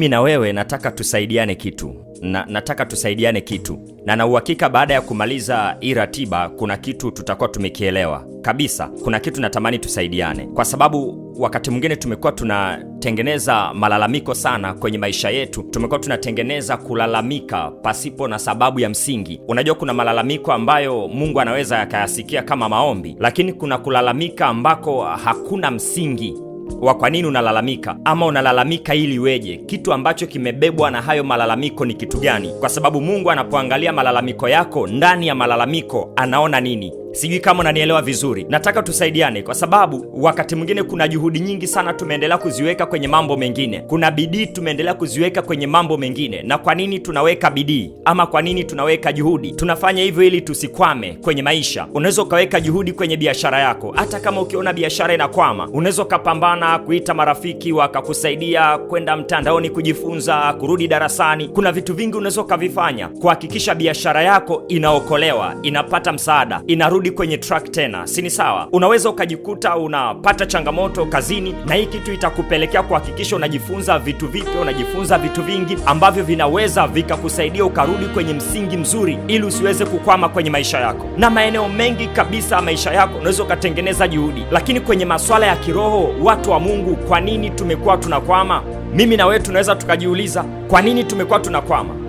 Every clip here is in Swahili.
mimi na wewe nataka tusaidiane kitu na, nataka tusaidiane kitu na na uhakika, baada ya kumaliza hii ratiba, kuna kitu tutakuwa tumekielewa kabisa. Kuna kitu natamani tusaidiane, kwa sababu wakati mwingine tumekuwa tunatengeneza malalamiko sana kwenye maisha yetu. Tumekuwa tunatengeneza kulalamika pasipo na sababu ya msingi. Unajua, kuna malalamiko ambayo Mungu anaweza akayasikia kama maombi, lakini kuna kulalamika ambako hakuna msingi wa kwa nini unalalamika ama unalalamika ili weje kitu ambacho kimebebwa na hayo malalamiko ni kitu gani? Kwa sababu Mungu anapoangalia malalamiko yako, ndani ya malalamiko anaona nini? Sijui kama unanielewa vizuri. Nataka tusaidiane, kwa sababu wakati mwingine kuna juhudi nyingi sana tumeendelea kuziweka kwenye mambo mengine, kuna bidii tumeendelea kuziweka kwenye mambo mengine. Na kwa nini tunaweka bidii ama kwa nini tunaweka juhudi? Tunafanya hivyo ili tusikwame kwenye maisha. Unaweza ukaweka juhudi kwenye biashara yako, hata kama ukiona biashara inakwama, unaweza ukapambana kuita marafiki wakakusaidia, kwenda mtandaoni kujifunza, kurudi darasani. Kuna vitu vingi unaweza ukavifanya kuhakikisha biashara yako inaokolewa, inapata msaada, inarudi unarudi kwenye track tena, si ni sawa? Unaweza ukajikuta unapata changamoto kazini, na hii kitu itakupelekea kuhakikisha unajifunza vitu vipya, unajifunza vitu vingi ambavyo vinaweza vikakusaidia ukarudi kwenye msingi mzuri, ili usiweze kukwama kwenye maisha yako. Na maeneo mengi kabisa maisha yako unaweza ukatengeneza juhudi, lakini kwenye masuala ya kiroho, watu wa Mungu, kwa nini tumekuwa tunakwama? Mimi na wewe tunaweza tukajiuliza, kwa nini tumekuwa tunakwama?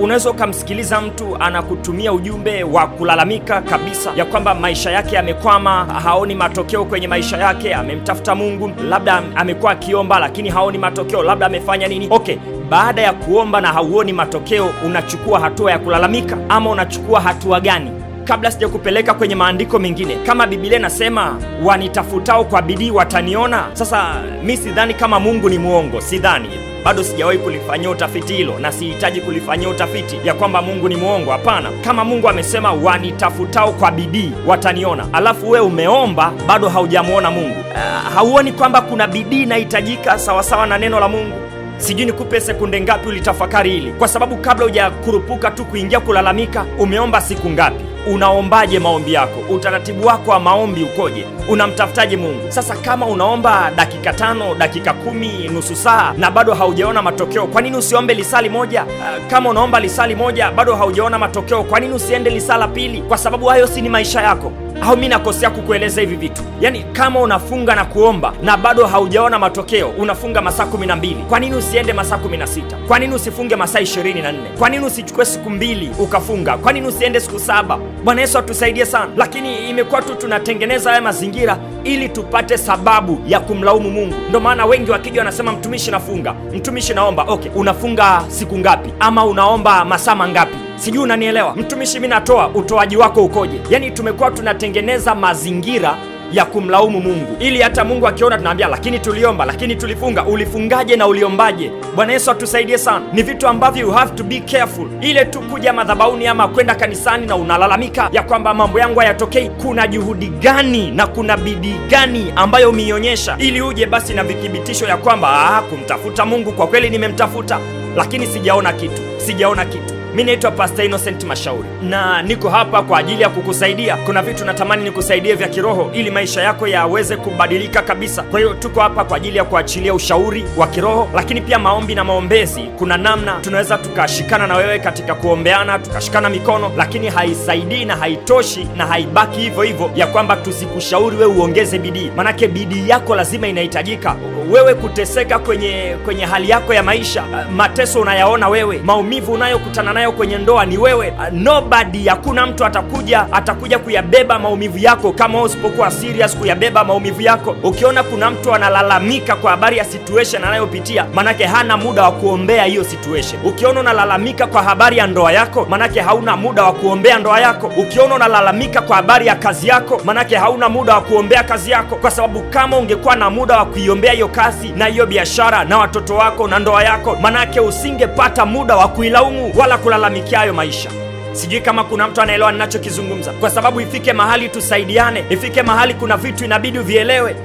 Unaweza ukamsikiliza mtu anakutumia ujumbe wa kulalamika kabisa, ya kwamba maisha yake yamekwama, haoni matokeo kwenye maisha yake, amemtafuta Mungu, labda amekuwa akiomba lakini haoni matokeo, labda amefanya nini. Okay, baada ya kuomba na hauoni matokeo, unachukua hatua ya kulalamika ama unachukua hatua gani? Kabla sija kupeleka kwenye maandiko mengine, kama Biblia inasema wanitafutao kwa bidii wataniona. Sasa mi sidhani kama Mungu ni mwongo, sidhani bado sijawahi kulifanyia utafiti hilo, na sihitaji kulifanyia utafiti ya kwamba Mungu ni mwongo. Hapana, kama Mungu amesema wanitafutao kwa bidii wataniona, alafu we umeomba bado haujamwona Mungu, uh, hauoni kwamba kuna bidii inahitajika sawasawa na neno la Mungu? Sijui nikupe sekunde ngapi ulitafakari hili, kwa sababu kabla hujakurupuka tu kuingia kulalamika, umeomba siku ngapi? unaombaje maombi yako? Utaratibu wako wa maombi ukoje? Unamtafutaje Mungu? Sasa kama unaomba dakika tano, dakika kumi, nusu saa na bado haujaona matokeo, kwa nini usiombe lisali moja? Uh, kama unaomba lisali moja bado haujaona matokeo, kwa nini usiende lisala pili? Kwa sababu hayo si ni maisha yako au mi nakosea kukueleza hivi vitu? Yaani kama unafunga na kuomba na bado haujaona matokeo, unafunga masaa kumi na mbili, kwa nini usiende masaa kumi na sita? Kwa nini usifunge masaa ishirini na nne? Kwa nini usichukue siku mbili ukafunga? Kwa nini usiende siku saba? Bwana Yesu atusaidie sana, lakini imekuwa tu tunatengeneza haya mazingira ili tupate sababu ya kumlaumu Mungu. Ndo maana wengi wakija wanasema mtumishi nafunga, mtumishi naomba. Okay, unafunga siku ngapi? Ama unaomba masaa mangapi? Sijui unanielewa mtumishi, Mimi natoa, utoaji wako ukoje? Yaani tumekuwa tunatengeneza mazingira ya kumlaumu Mungu ili hata Mungu akiona tunaambia, lakini tuliomba, lakini tulifunga. Ulifungaje na uliombaje? Bwana Yesu atusaidie sana. Ni vitu ambavyo you have to be careful. Ile tu kuja madhabahuni ama kwenda kanisani na unalalamika ya kwamba mambo yangu hayatokei, kuna juhudi gani na kuna bidii gani ambayo umeionyesha ili uje basi na vithibitisho ya kwamba ah, kumtafuta Mungu kwa kweli nimemtafuta, lakini sijaona kitu, sijaona kitu. Mimi naitwa Pastor Innocent Mashauri na niko hapa kwa ajili ya kukusaidia. Kuna vitu natamani nikusaidie vya kiroho ili maisha yako yaweze kubadilika kabisa. Kwa hiyo tuko hapa kwa ajili ya kuachilia ushauri wa kiroho, lakini pia maombi na maombezi. Kuna namna tunaweza tukashikana na wewe katika kuombeana, tukashikana mikono, lakini haisaidii na haitoshi na haibaki hivyo hivyo ya kwamba tusikushauri wewe uongeze bidii, manake bidii yako lazima inahitajika wewe kuteseka kwenye kwenye hali yako ya maisha, uh, mateso unayaona wewe, maumivu unayokutana nayo kwenye ndoa ni wewe. Uh, nobody, hakuna mtu atakuja atakuja kuyabeba maumivu yako kama usipokuwa serious kuyabeba maumivu yako. Ukiona kuna mtu analalamika kwa habari ya situation anayopitia, manake hana muda wa kuombea hiyo situation. Ukiona unalalamika kwa habari ya ndoa yako, manake hauna muda wa kuombea ndoa yako. Ukiona unalalamika kwa habari ya kazi yako, manake hauna muda wa kuombea kazi yako, kwa sababu kama ungekuwa na muda wa kuiombea hiyo kazi na hiyo biashara na watoto wako na ndoa yako, manake usingepata muda wa kuilaumu wala kulalamikia hayo maisha. Sijui kama kuna mtu anaelewa ninachokizungumza, kwa sababu ifike mahali tusaidiane, ifike mahali kuna vitu inabidi vielewe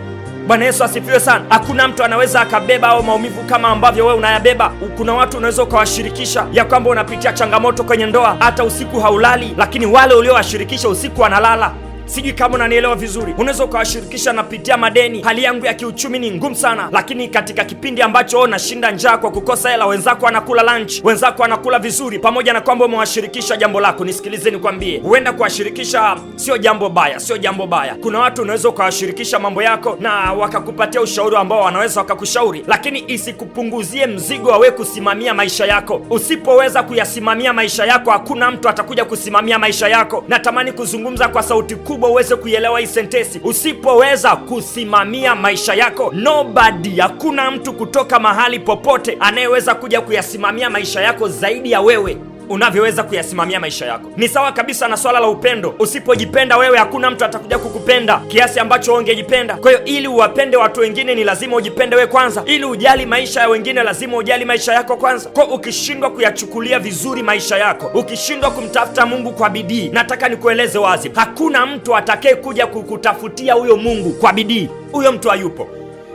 Bwana Yesu asifiwe sana. Hakuna mtu anaweza akabeba au maumivu kama ambavyo wewe unayabeba. Kuna watu unaweza ukawashirikisha ya kwamba unapitia changamoto kwenye ndoa, hata usiku haulali, lakini wale uliowashirikisha usiku wanalala. Sijui kama unanielewa vizuri. Unaweza ukawashirikisha, napitia madeni, hali yangu ya kiuchumi ni ngumu sana, lakini katika kipindi ambacho nashinda njaa kwa kukosa hela, wenzako anakula lunch, wenzako anakula vizuri, pamoja na kwamba umewashirikisha jambo lako. Nisikilize nikwambie, huenda kuwashirikisha sio jambo baya, sio jambo baya. Kuna watu unaweza ukawashirikisha mambo yako na wakakupatia ushauri ambao wanaweza wakakushauri, lakini isikupunguzie mzigo wa wewe kusimamia maisha yako. Usipoweza kuyasimamia maisha yako, hakuna mtu atakuja kusimamia maisha yako. Natamani kuzungumza kwa sauti kubwa kubwa uweze kuielewa hii sentensi. Usipoweza kusimamia maisha yako, nobody, hakuna mtu kutoka mahali popote anayeweza kuja kuyasimamia maisha yako zaidi ya wewe unavyoweza kuyasimamia maisha yako. Ni sawa kabisa na swala la upendo. Usipojipenda wewe, hakuna mtu atakuja kukupenda kiasi ambacho ungejipenda. Kwa hiyo, ili uwapende watu wengine, ni lazima ujipende wewe kwanza. Ili ujali maisha ya wengine, lazima ujali maisha yako kwanza. Kwa ukishindwa kuyachukulia vizuri maisha yako, ukishindwa kumtafuta Mungu kwa bidii, nataka nikueleze wazi, hakuna mtu atakayekuja kukutafutia huyo Mungu kwa bidii, huyo mtu hayupo.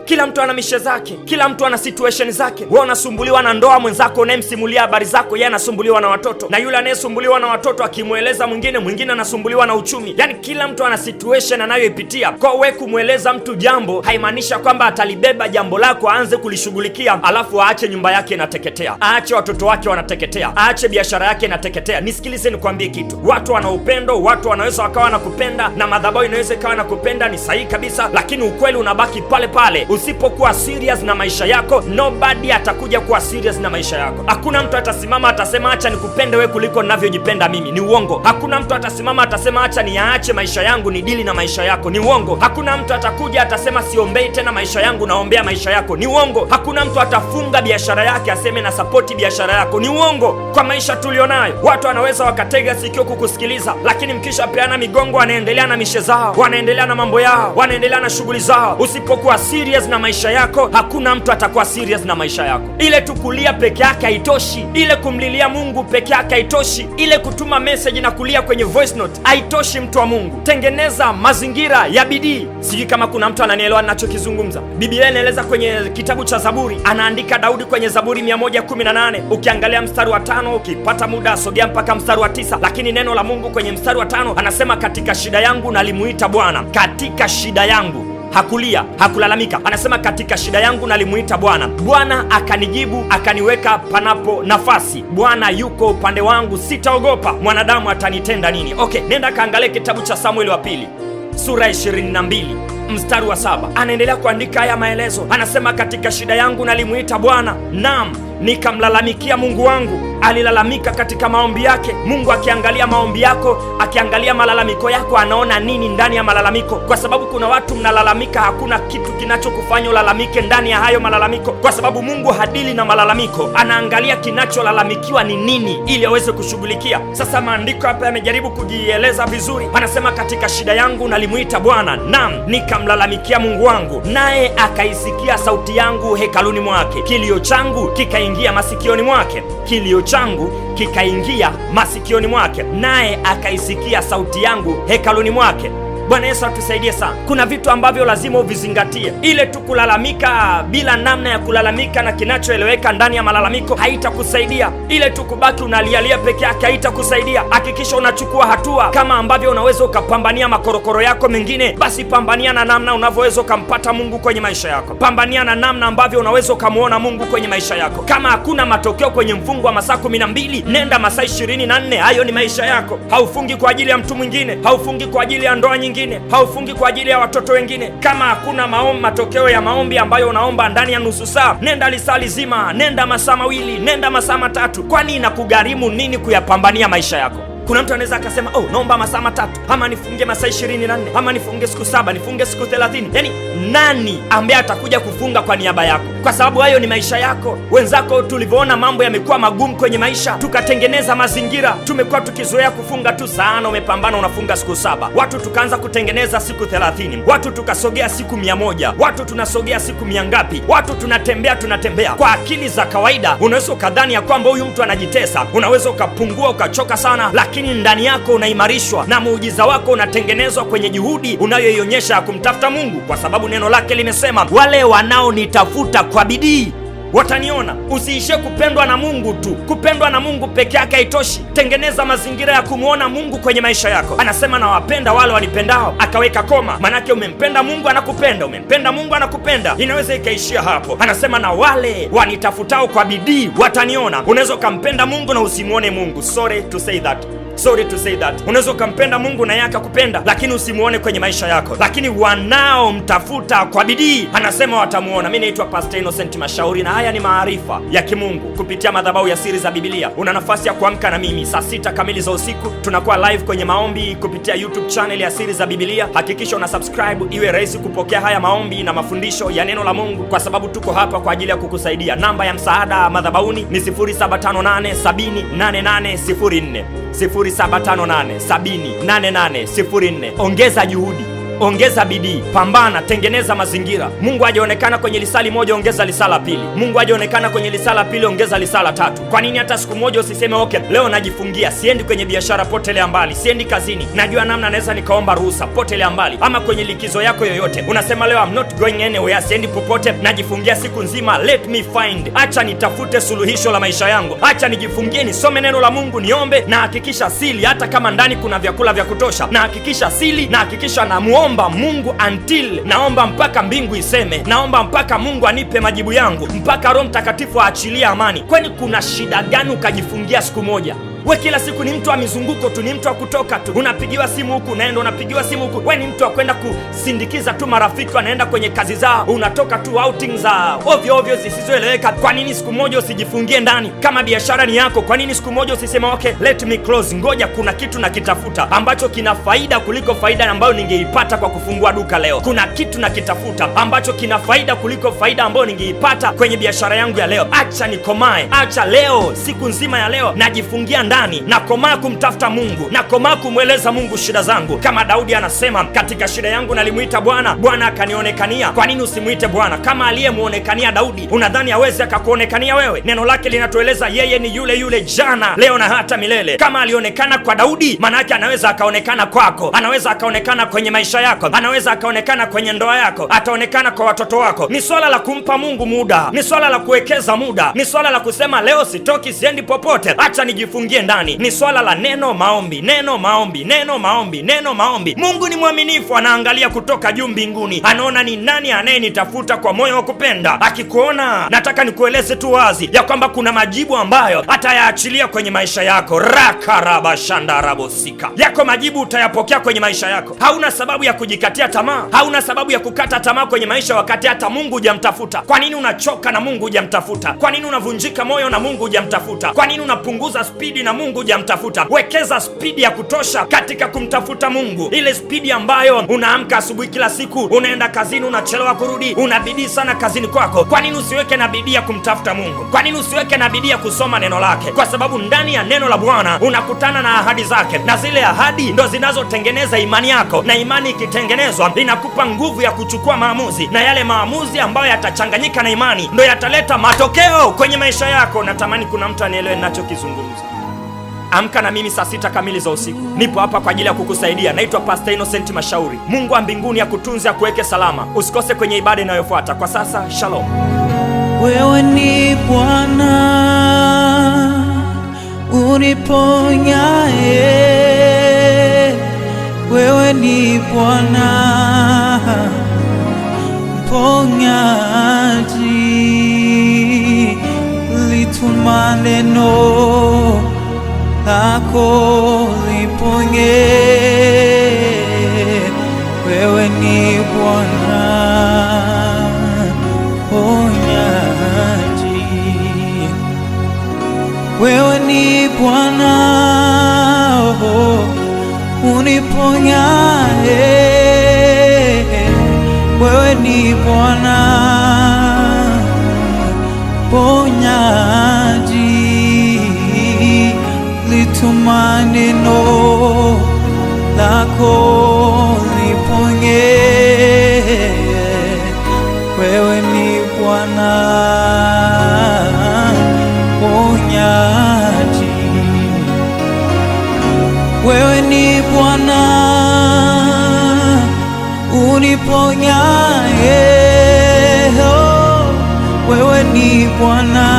Kila mtu ana mishe zake, kila mtu ana situation zake. Wewe unasumbuliwa na ndoa, mwenzako unayemsimulia habari zako yeye anasumbuliwa na watoto, na yule anayesumbuliwa na watoto akimweleza mwingine, mwingine anasumbuliwa na uchumi. Yaani kila mtu ana situation anayoipitia. Kwa wewe kumweleza mtu jambo haimaanisha kwamba atalibeba jambo lako aanze kulishughulikia, alafu aache nyumba yake inateketea, aache watoto wake wanateketea, aache biashara yake inateketea. Nisikilize nikwambie kitu, watu wana upendo, watu wanaweza wakawa na kupenda na madhabahu inaweza ikawa na kupenda ni sahihi kabisa, lakini ukweli unabaki pale pale. Usipokuwa serious na maisha yako, nobody atakuja kuwa serious na maisha yako. Hakuna mtu atasimama atasema acha nikupende wewe kuliko ninavyojipenda mimi, ni uongo. Hakuna mtu atasimama atasema acha niyaache maisha yangu ni dili na maisha yako, ni uongo. Hakuna mtu atakuja atasema siombei tena maisha yangu, naombea maisha yako, ni uongo. Hakuna mtu atafunga biashara yake aseme na sapoti biashara yako, ni uongo. Kwa maisha tulionayo, watu wanaweza wakatega sikio kukusikiliza, lakini mkishapeana migongo, wanaendelea na mishe zao, wanaendelea na mambo yao, wanaendelea na shughuli zao. Usipokuwa serious na maisha yako, hakuna mtu atakuwa serious na maisha yako. Ile tu kulia peke yake haitoshi, ile kumlilia Mungu peke yake haitoshi, ile kutuma message na kulia kwenye voice note haitoshi. Mtu wa Mungu, tengeneza mazingira ya bidii. Sijui kama kuna mtu ananielewa ninachokizungumza. Biblia inaeleza kwenye kitabu cha Zaburi, anaandika Daudi kwenye Zaburi 118 ukiangalia mstari wa tano, ukipata muda asogea mpaka mstari wa tisa, lakini neno la Mungu kwenye mstari wa tano anasema, katika shida yangu nalimuita Bwana, katika shida yangu hakulia, hakulalamika. Anasema katika shida yangu nalimuita Bwana, Bwana akanijibu, akaniweka panapo nafasi. Bwana yuko upande wangu, sitaogopa mwanadamu atanitenda nini. Okay, nenda kaangalie kitabu cha Samueli wa pili sura 22 mstari wa saba. Anaendelea kuandika haya maelezo, anasema katika shida yangu nalimuita Bwana, naam nikamlalamikia Mungu wangu. Alilalamika katika maombi yake. Mungu akiangalia maombi yako, akiangalia malalamiko yako, anaona nini ndani ya malalamiko? Kwa sababu kuna watu mnalalamika, hakuna kitu kinachokufanya ulalamike ndani ya hayo malalamiko, kwa sababu Mungu hadili na malalamiko, anaangalia kinacholalamikiwa ni nini ili aweze kushughulikia. Sasa maandiko hapa yamejaribu kujieleza vizuri, anasema katika shida yangu nalimuita Bwana, naam nikamlalamikia Mungu wangu, naye akaisikia sauti yangu hekaluni mwake, kilio changu kika kikaingia masikioni mwake, kilio changu kikaingia masikioni mwake, naye akaisikia sauti yangu hekaluni mwake. Bwana Yesu atusaidie sana. Kuna vitu ambavyo lazima uvizingatie. Ile tu kulalamika bila namna ya kulalamika na kinachoeleweka ndani ya malalamiko haitakusaidia. Ile tu kubaki unalialia peke yake haitakusaidia. Hakikisha unachukua hatua. Kama ambavyo unaweza ukapambania makorokoro yako mengine, basi pambania na namna unavyoweza ukampata Mungu kwenye maisha yako. Pambania na namna ambavyo unaweza ukamwona Mungu kwenye maisha yako. Kama hakuna matokeo kwenye mfungo wa masaa kumi na mbili nenda masaa ishirini na nne. Hayo ni maisha yako. Haufungi kwa ajili ya mtu mwingine, haufungi kwa ajili ya ndoa nyingine wengine, haufungi kwa ajili ya watoto wengine. Kama hakuna maombi, matokeo ya maombi ambayo unaomba ndani ya nusu saa, nenda lisali zima, nenda masaa mawili, nenda masaa matatu. Kwani inakugharimu nini kuyapambania maisha yako? Kuna mtu anaweza akasema oh, naomba masaa matatu ama nifunge masaa ishirini na nne ama nifunge siku saba nifunge siku thelathini yani nani ambaye atakuja kufunga kwa niaba yako? Kwa sababu hayo ni maisha yako. Wenzako tulivyoona mambo yamekuwa magumu kwenye maisha, tukatengeneza mazingira, tumekuwa tukizoea kufunga tu sana. Umepambana unafunga siku saba, watu tukaanza kutengeneza siku thelathini watu tukasogea siku mia moja watu tunasogea siku mia ngapi, watu tunatembea tunatembea. Kwa akili za kawaida unaweza ukadhani ya kwamba huyu mtu anajitesa, unaweza ukapungua ukachoka sana lakini ndani yako unaimarishwa na muujiza wako unatengenezwa kwenye juhudi unayoionyesha ya kumtafuta Mungu, kwa sababu neno lake limesema, wale wanaonitafuta kwa bidii wataniona. Usiishie kupendwa na Mungu tu. Kupendwa na Mungu peke yake haitoshi. Tengeneza mazingira ya kumwona Mungu kwenye maisha yako. Anasema nawapenda wale wanipendao, akaweka koma. Manake umempenda Mungu anakupenda, umempenda Mungu anakupenda, inaweza ikaishia hapo. Anasema na wale wanitafutao kwa bidii wataniona. Unaweza ukampenda Mungu na usimwone Mungu. Sorry to say that. Sorry to say that. Unaweza ukampenda Mungu na yeye akakupenda, lakini usimuone kwenye maisha yako, lakini wanaomtafuta kwa bidii anasema watamuona. Mi naitwa Pastor Innocent Mashauri na haya ni maarifa ya kimungu kupitia madhabahu ya Siri za Biblia. Una nafasi ya kuamka na mimi saa sita kamili za usiku, tunakuwa live kwenye maombi kupitia YouTube channel ya Siri za Biblia. Hakikisha una subscribe iwe rahisi kupokea haya maombi na mafundisho ya neno la Mungu, kwa sababu tuko hapa kwa ajili ya kukusaidia. Namba ya msaada madhabahuni ni 0758708804 0758 70 8804. Ongeza juhudi ongeza bidii, pambana, tengeneza mazingira. Mungu hajaonekana kwenye lisali moja, ongeza lisala pili. Mungu hajaonekana kwenye lisala pili, ongeza lisala tatu. Kwa nini hata siku moja usiseme okay, leo najifungia, siendi kwenye biashara, potelea mbali, siendi kazini, najua namna naweza nikaomba ruhusa, potelea mbali. Ama kwenye likizo yako yoyote unasema leo I'm not going anywhere, siendi popote, najifungia siku nzima, let me find, acha nitafute suluhisho la maisha yangu, acha nijifungie, nisome neno la Mungu, niombe na hakikisha sili, hata kama ndani kuna vyakula vya kutosha, na hakikisha sili, na hakikisha namuo naomba Mungu until, naomba mpaka mbingu iseme, naomba mpaka Mungu anipe majibu yangu, mpaka Roho Mtakatifu aachilie amani. Kwani kuna shida gani ukajifungia siku moja? We kila siku ni mtu wa mizunguko tu, ni mtu wa kutoka tu, unapigiwa simu huku unaenda, unapigiwa simu huku. We ni mtu wa kwenda kusindikiza tu marafiki wanaenda kwenye kazi zao, unatoka tu outing za ovyo ovyo zisizoeleweka. Kwa nini siku moja usijifungie ndani? Kama biashara ni yako, kwa nini siku moja usisema okay, let me close, ngoja kuna kitu nakitafuta ambacho kina faida kuliko faida ambayo ningeipata kwa kufungua duka leo. Kuna kitu nakitafuta ambacho kina faida kuliko faida ambayo ningeipata kwenye biashara yangu ya leo. Acha nikomae, acha leo, siku nzima ya leo najifungia ndani ndani, nakomaa kumtafuta Mungu, nakomaa kumweleza Mungu shida zangu, kama Daudi anasema, katika shida yangu nalimwita Bwana, Bwana akanionekania. Kwa nini usimwite Bwana? Kama aliyemwonekania Daudi, unadhani aweze akakuonekania wewe? Neno lake linatueleza yeye ni yule yule jana, leo na hata milele. Kama alionekana kwa Daudi, maana yake anaweza akaonekana kwako, anaweza akaonekana kwenye maisha yako, anaweza akaonekana kwenye ndoa yako, ataonekana kwa watoto wako. Ni swala la kumpa Mungu muda, ni swala la kuwekeza muda, ni swala la kusema leo sitoki, siendi popote, acha nijifungie ndani ni swala la neno maombi, neno maombi, neno maombi, neno maombi. Mungu ni mwaminifu, anaangalia kutoka juu mbinguni, anaona ni nani anayenitafuta kwa moyo wa kupenda. Akikuona, nataka nikueleze tu wazi ya kwamba kuna majibu ambayo atayaachilia kwenye maisha yako. rakarabashandarabosika yako majibu utayapokea kwenye maisha yako. Hauna sababu ya kujikatia tamaa, hauna sababu ya kukata tamaa kwenye maisha wakati hata Mungu hujamtafuta. Kwa nini unachoka na Mungu hujamtafuta? Kwa nini unavunjika moyo na Mungu hujamtafuta? Kwa nini unapunguza spidi na Mungu hujamtafuta, wekeza spidi ya kutosha katika kumtafuta Mungu, ile spidi ambayo unaamka asubuhi kila siku, unaenda kazini, unachelewa kurudi, una bidii sana kazini kwako. Kwa nini usiweke na bidii ya kumtafuta Mungu? Kwa nini usiweke na bidii ya kusoma neno lake? Kwa sababu ndani ya neno la Bwana unakutana na ahadi zake, na zile ahadi ndo zinazotengeneza imani yako, na imani ikitengenezwa inakupa nguvu ya kuchukua maamuzi, na yale maamuzi ambayo yatachanganyika na imani ndo yataleta matokeo kwenye maisha yako. Natamani kuna mtu anielewe ninachokizungumza. Amka na mimi saa sita kamili za usiku, nipo hapa kwa ajili ya kukusaidia. Naitwa Pastor Innocent Mashauri. Mungu wa mbinguni akutunze, akuweke salama. Usikose kwenye ibada inayofuata. Kwa sasa, shalom. Wewe ni Bwana uniponyae, wewe ni Bwana mponyaji lako liponye. Wewe ni Bwana ponyaji, wewe ni Bwana oh, uniponyae wewe ni Bwana ponyaji zito maneno lako liponye. Wewe ni Bwana ponyaji, wewe ni Bwana uniponyaye, oh, wewe ni Bwana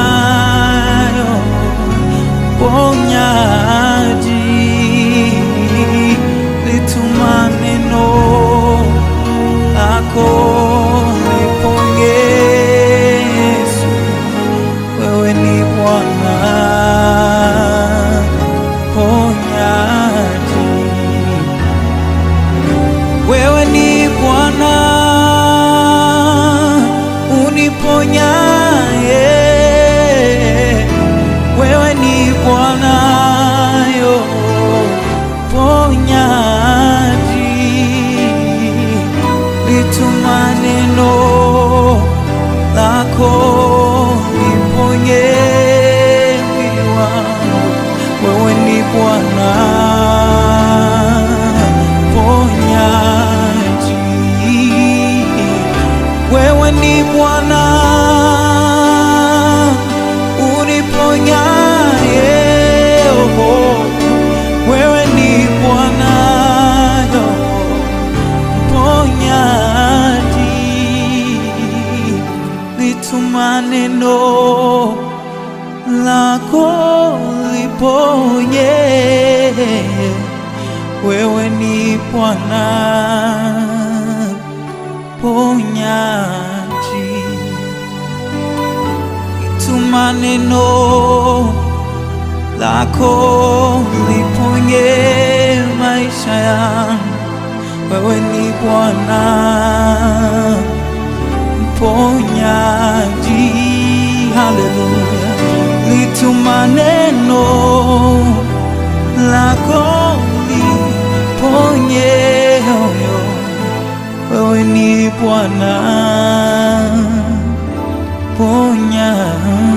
Bwana ponyaji, ituma neno lako liponye maisha yangu. Wewe ni Bwana mponyaji, haleluya. Lituma neno lako mwenyewe, wewe ni Bwana, ponya